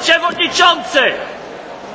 przewodniczący!